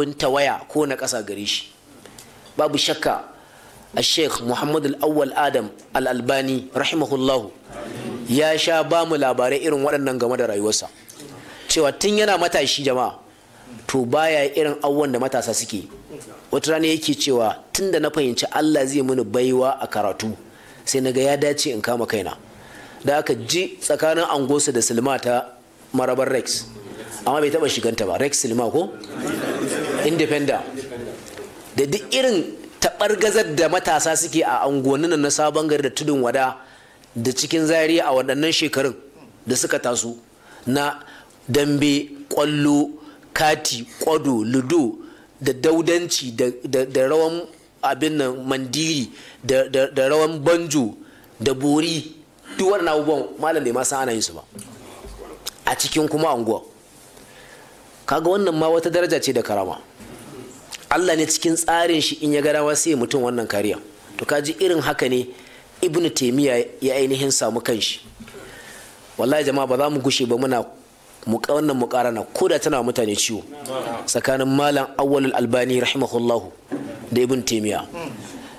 abin waya ko na ƙasa gare shi babu shakka a sheikh Muhammadu Auwal adam al'albani rahimahullahu ya sha ba mu labarai irin waɗannan game da rayuwarsa cewa tun yana matashi jama'a to baya irin awon da matasa suke wata rana yake cewa tun da na fahimci allah zai mini baiwa a karatu sai na ga ya dace in kama kaina da aka ji tsakanin angosa da silma ta marabar rex amma bai taba shiganta ba rex silma ko independent da duk irin taɓargazar da matasa suke a angonin na sabon gari da tudun wada da cikin zari a waɗannan shekarun da suka taso na dambe kwallo kati ƙwado ludo da daudanci da rawan abin nan mandiri da rawan banjo da bori duk waɗannan abubuwan malam ne masu ana yin su ba a cikin kuma anguwa kaga wannan ma wata daraja ce da karama Allah ne cikin tsarin shi in ya ga dama sai mutum wannan kariya to kaji irin haka ne ibn taimiyya ya ainihin samu kanshi wallahi jama'a ba za mu gushe ba muna wannan mukarana ko da tana mutane ciwo tsakanin malam awwalul albani rahimahullahu da ibn taimiyya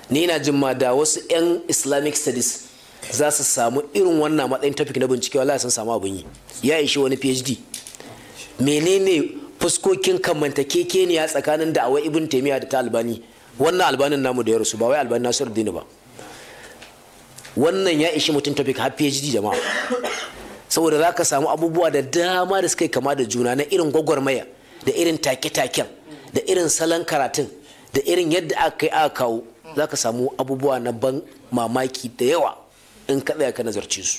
ni ina jin ma da wasu yan islamic studies za su samu irin wannan matsayin topic na bincike wallahi sun samu abin yi ya ishi wani phd menene fuskokin kamantakekeniya tsakanin da awai ibn taimiyya da ta albani wannan albanin namu da ya rasu ba wai albanin nasir dini ba wannan ya ishi mutum topic har phd jama'a saboda za ka samu abubuwa da dama da suka kama da juna na irin gwagwarmaya da irin take-taken da irin salon karatun da irin yadda aka yi aka kawo za ka samu abubuwa na ban mamaki da yawa in ka tsaya ka nazarce su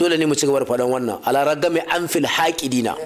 dole ne mu ci gaba da faɗan wannan ala ragami an fil haƙidina